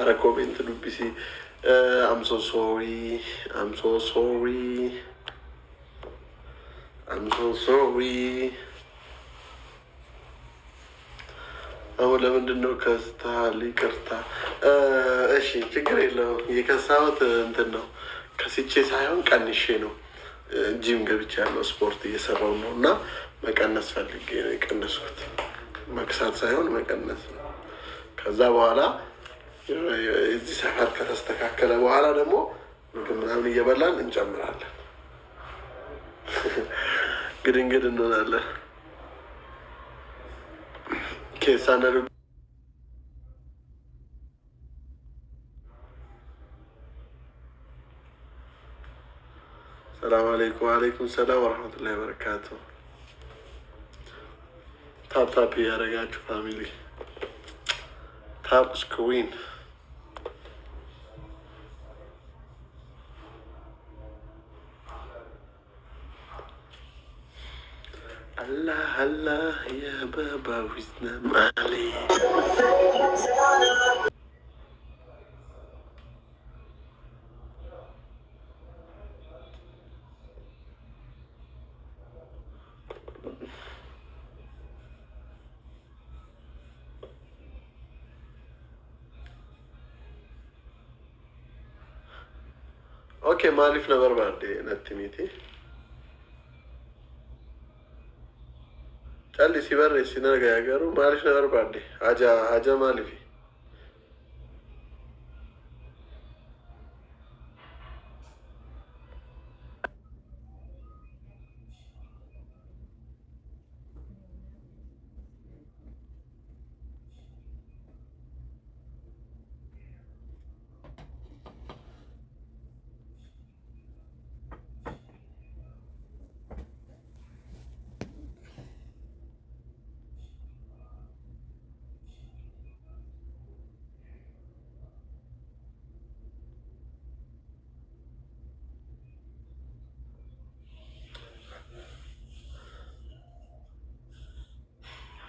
አረ ኮሜንት ዱቢሲ አምሶ ሶሪ አምሶ ሶሪ አምሶ ሶሪ። አሁን ለምንድን ነው ከስታል? ይቅርታ። uh, እሺ ችግር የለው። የከሳሁት እንትን ነው ከስቼ ሳይሆን ቀንሼ ነው። uh, ጂም ገብቼ ያለው ስፖርት እየሰራው ነው እና መቀነስ ፈልጌ ነው የቀነስኩት። መክሳት ሳይሆን መቀነስ ነው። ከዛ በኋላ የዚህ ሰዓት ከተስተካከለ በኋላ ደግሞ ምግብ ምናምን እየበላን እንጨምራለን። ግድንግድ እንሆናለን። ኬሳነ ሰላም አለይኩም አለይኩም ሰላም ወረሕመቱላሂ በረካቱ። ታፕ ታፕ እያደረጋችሁ ፋሚሊ ታፕ ስክሪን ya baba Hüsnem Ali. اوكي ما عرفنا بربع قد ايه نتميتي ಅಲ್ಲಿ ಶಿವರ್ರೆ ಸಿನರ್ಗಾಯಗರು ಮಾಲಿಶ್ ನಗರ ಪಾಡ್ಡಿ ಅಜ ಅಜ ಮಾಲಿಫಿ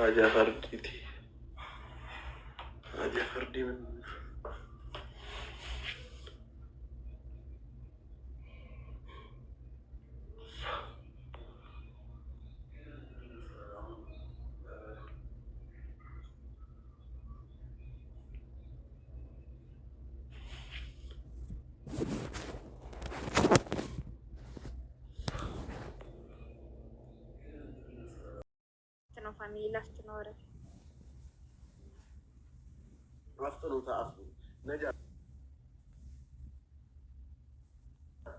आजा हर की थी आजा हर डी familii ላስችኖርህ አፍጥኑ ተአፍጥኑ ነጃ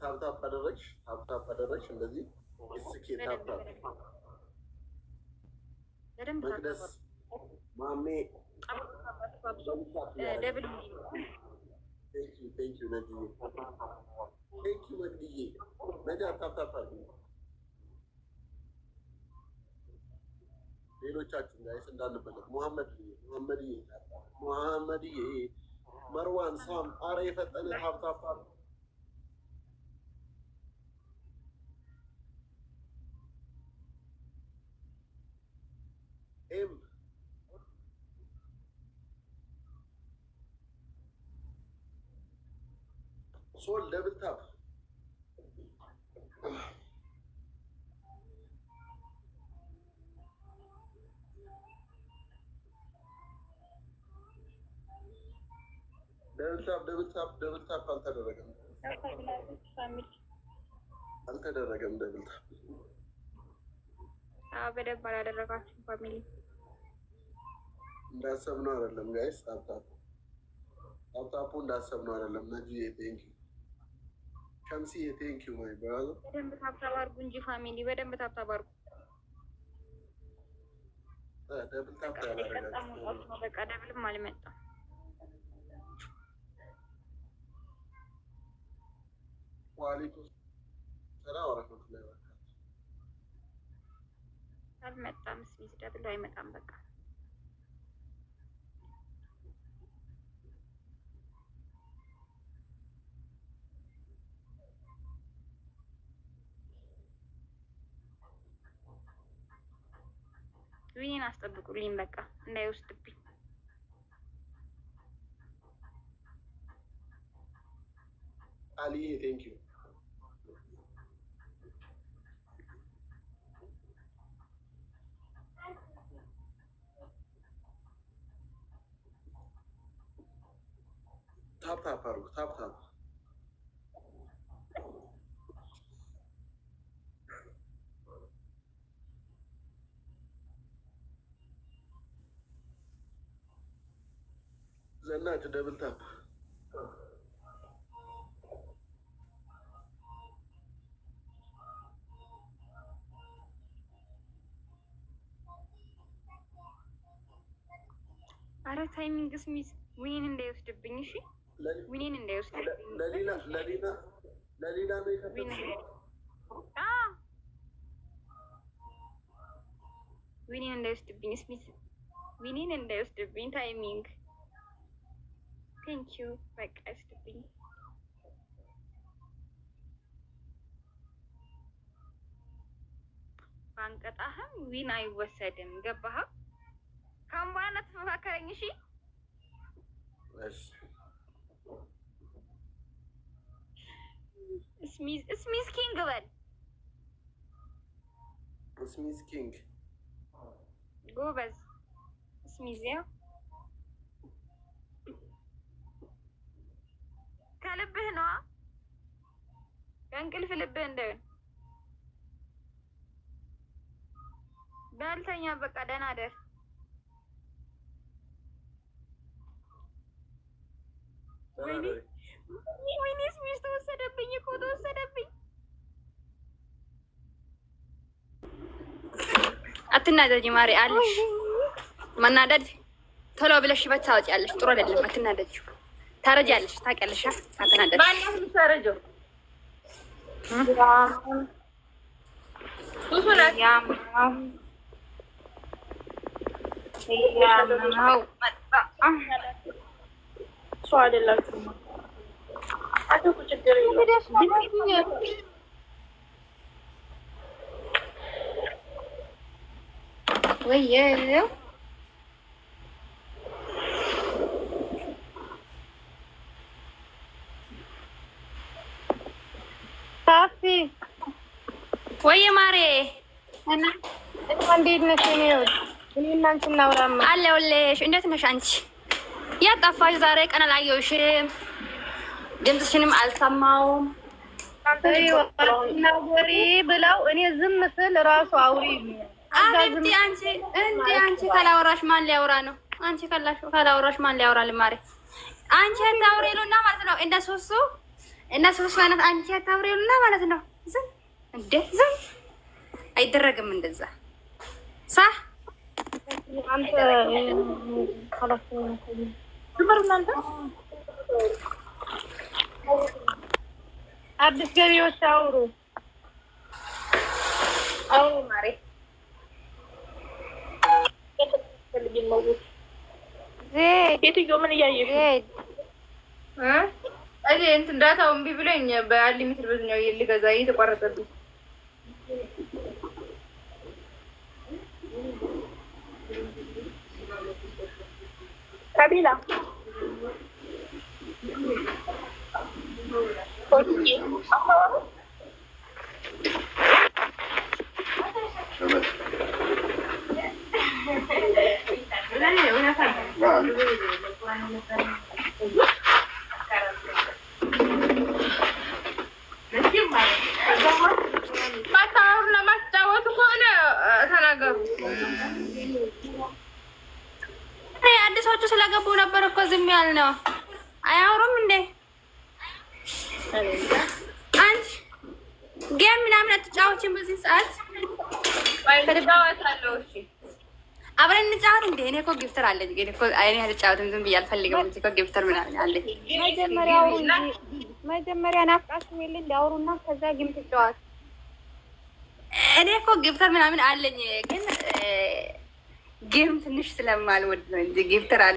ታብታብ አደረግሽ ታብታብ አደረግሽ እንደዚህ እስኪ ታብታብ መቅደስ ማሜ ደብል ቴንኪዩ ነጅዬ ቴንኪዩ ነጅዬ ነጃ ታብታብ አድርጊ ሌሎቻችን ጋይስ እንዳልበለት ሙሐመድዬ ሙሐመድዬ ሙሐመድዬ መርዋን ሳም አረ የፈጠነ ሀብታፋ ኤም ሶል ደብል ደብልታፕ ደብልታፕ አልተደረገም አልተደረገም። ደብልታፕ በደንብ ፋሚሊ እንዳሰብነው አይደለም ጋይስ። ታፕታፑ ታፕታፑ እንዳሰብነው አይደለም። ማይ በደንብ ታፕታፕ አድርጉ እንጂ ፋሚሊ፣ በደንብ ታፕታፕ አድርጉ። በቃ ደብልም አልመጣም ዋሌኩም አልመጣም። እስኪ ደብሎ አይመጣም። በቃ ዊኔን አስጠብቁልኝ በቃ እንዳይወስድብኝ። አልዬ ቴንኪው ታፕ ታፕ አድርጉ። ታፕ ታፕ ዘናጭ ደብል ታፕ አረ ታይሚንግ ስሚዝ ወይን እንዳይወስድብኝ እሺ። ዊኒን እንዳይወስድ ለሌላ እንዳይወስድብኝ ስሚት፣ ዊኒን እንዳይወስድብኝ ታይሚንግ። ቴንኪዩ በቃ ይወስድብኝ። ባንቀጣህም ዊን አይወሰድም። ገባህ? ከአምባነት መካከለኝ እሺ ስሚዝ ኪንግ በል። ስሚዝ ኪንግ ጎበዝ። ስሚዝ ያው ከልብህ ነዋ። ከእንቅልፍ ልብህ እንደው በልተኛ። በቃ ደህና ደር ወይኔ ወይኔ ስሚሽ ተወሰደብኝ እኮ ተወሰደብኝ። አትናደጂ ማሪ አለሽ። መናደድ ቶሎ ብለሽ በት ታወጪያለሽ። ጥሩ አይደለም። አትናደጂ ታረጃለሽ። ታውቂያለሽ። አትናደጂ ሰው አይደላችሁም ወይ ማሬ እንዴት ነሽ? እኔ እናንተ እናውራማ አለሁልሽ። እንዴት ነሽ አንቺ? ያጠፋሽ ዛሬ ቀን አላየሁሽም። ድምፅሽንም አልሰማውም ናጎሪ ብለው እኔ ዝም ስል ራሱ አውሪ እንዴ አንቺ ካላወራሽ ማን ሊያወራ ነው? አንቺ ካላወራሽ ማን ሊያወራ? ልማሪ አንቺ አታውሪ ማለት ነው። እንደ ሶስቱ እነ ሶስቱ አይነት አንቺ አታውሪ ማለት ነው። ዝም እንዴ ዝም አይደረግም እንደዛ ሳ አንተ ካላሽ ነው ዝም አዲስ ገቢዎች አውሩ አውሩ ማሬ ሴትዮ ምን እያየሽ እኔ እንትን ዳታው እምቢ ብሎኝ በአንሊሚትድ በዝኛው ልገዛ እየተቋረጠብኝ ከቢላ ማታወሩ ለማስጫወቱ ከሆነ ተናገሩ። አዲሶቹ ስለገቡ ነበር እኮ ዝም ያልነው። አያወሩም እንዴ? አንቺ ጌም ምናምን አትጫወችም በዚህ ሰዓት? አብረን እንጫወት እንዴ? እኔ እኮ ጊፍተር አለኝ። እኔ እኮ እኔ አልጫወትም፣ ዝም ብዬ አልፈልግም። እኮ ጊፍተር ምናምን አለኝ። መጀመሪያ ናፍቃችሁ የለ ከዛ ጌም ትጫወት። እኔ እኮ ጊፍተር ምናምን አለኝ፣ ግን ጌም ትንሽ ስለማልወድ ነው እንጂ ጊፍተር አለ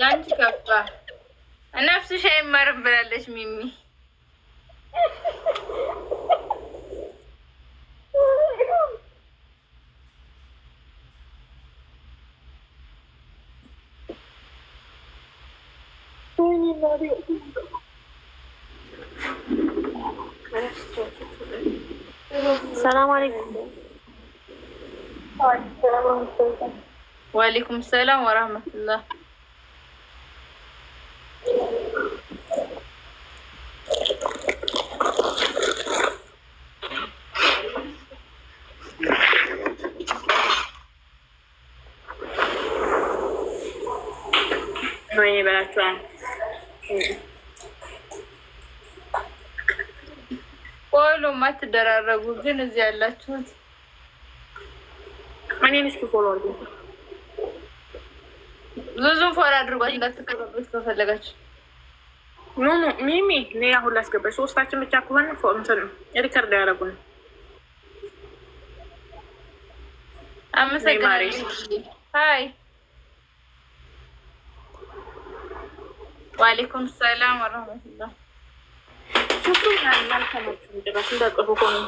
ያንቺ ከፋ። ነፍስሽ አይማርም ብላለች ሚሚ። ሰላም አለይኩም። ወአለይኩም ሰላም ወራህመቱላህ። ወይኔ በላችኋል። አትደራረጉ ግን እዚህ ያላችሁት እኔን እስኪ ፎሎ አድርጉ። ብዙ ፎሎ አድርጓት እንዳትቀረበት ከፈለጋችሁ። ኖ ኖ ሚሚ ሌላ ሁሉ አስገባች። ሶስታችን ብቻ ከሆነ እንትን ሪከርድ ያደረጉ ነው። አመሰግናለሁ። ሀይ ሰላም ወረህመቱላህ። ሱሱም ያልተመችም ጭራሽ እንዳቀፉ ከሆነ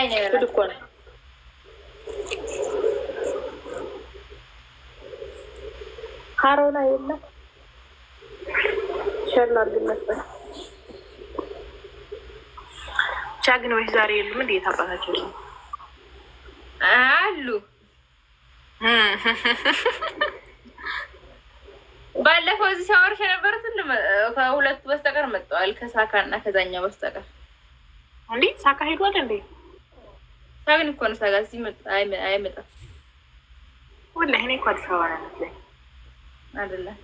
ወይ ነው ያለው። ሀሮና የለም ሸርና አድርገን ቻግኖች ዛሬ የሉም። እንዴት አባታቸው አሉ። ባለፈው እዚህ ሲያወርሽ የነበሩት ከሁለቱ በስተቀር መጥተዋል። ከሳካ እና ከዛኛው በስተቀር እንዴ ሳካ ሄዷል እንዴ? ታግን እኮ ነው ሳጋ እዚህ አይመጣም። ወላሂ እኔ እኮ አዲስ አበባ ነው አይመስለኝ አይደለም